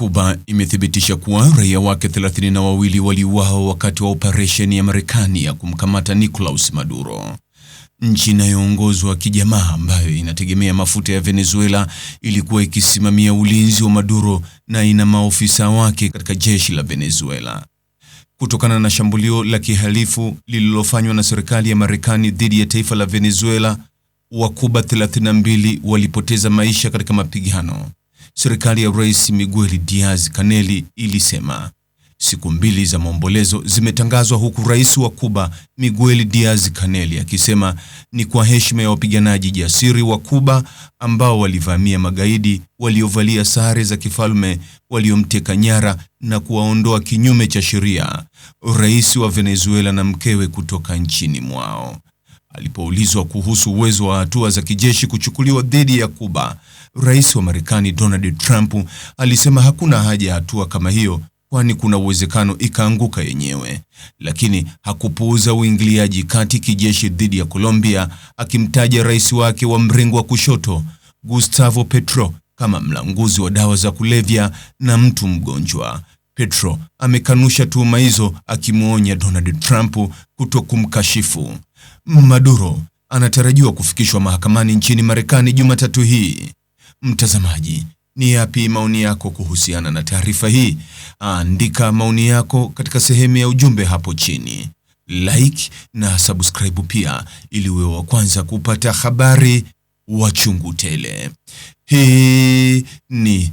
Kuba imethibitisha kuwa raia wake thelathini na wawili waliuawa wakati wa operesheni ya Marekani ya kumkamata Nicolas Maduro. Nchi inayoongozwa kijamaa ambayo inategemea mafuta ya Venezuela ilikuwa ikisimamia ulinzi wa Maduro na ina maofisa wake katika jeshi la Venezuela. Kutokana na shambulio la kihalifu lililofanywa na serikali ya Marekani dhidi ya taifa la Venezuela, Wakuba 32 walipoteza maisha katika mapigano serikali ya Rais Miguel Diaz Canel ilisema. Siku mbili za maombolezo zimetangazwa huku Rais wa Cuba Miguel Diaz Canel akisema ni kwa heshima ya wapiganaji jasiri wa Cuba ambao walivamia magaidi waliovalia sare za kifalme waliomteka nyara na kuwaondoa kinyume cha sheria rais wa Venezuela na mkewe kutoka nchini mwao. Alipoulizwa kuhusu uwezo wa hatua za kijeshi kuchukuliwa dhidi ya Kuba, Rais wa Marekani Donald Trump alisema hakuna haja ya hatua kama hiyo kwani kuna uwezekano ikaanguka yenyewe, lakini hakupuuza uingiliaji kati kijeshi dhidi ya Colombia, akimtaja rais wake wa mrengo wa kushoto Gustavo Petro kama mlanguzi wa dawa za kulevya na mtu mgonjwa. Petro amekanusha tuhuma hizo, akimwonya Donald Trump kuto kumkashifu. Maduro anatarajiwa kufikishwa mahakamani nchini Marekani Jumatatu hii. Mtazamaji, ni yapi maoni yako kuhusiana na taarifa hii? Andika maoni yako katika sehemu ya ujumbe hapo chini. Like na subscribe pia ili uwe wa kwanza kupata habari wa chungu tele. Hii ni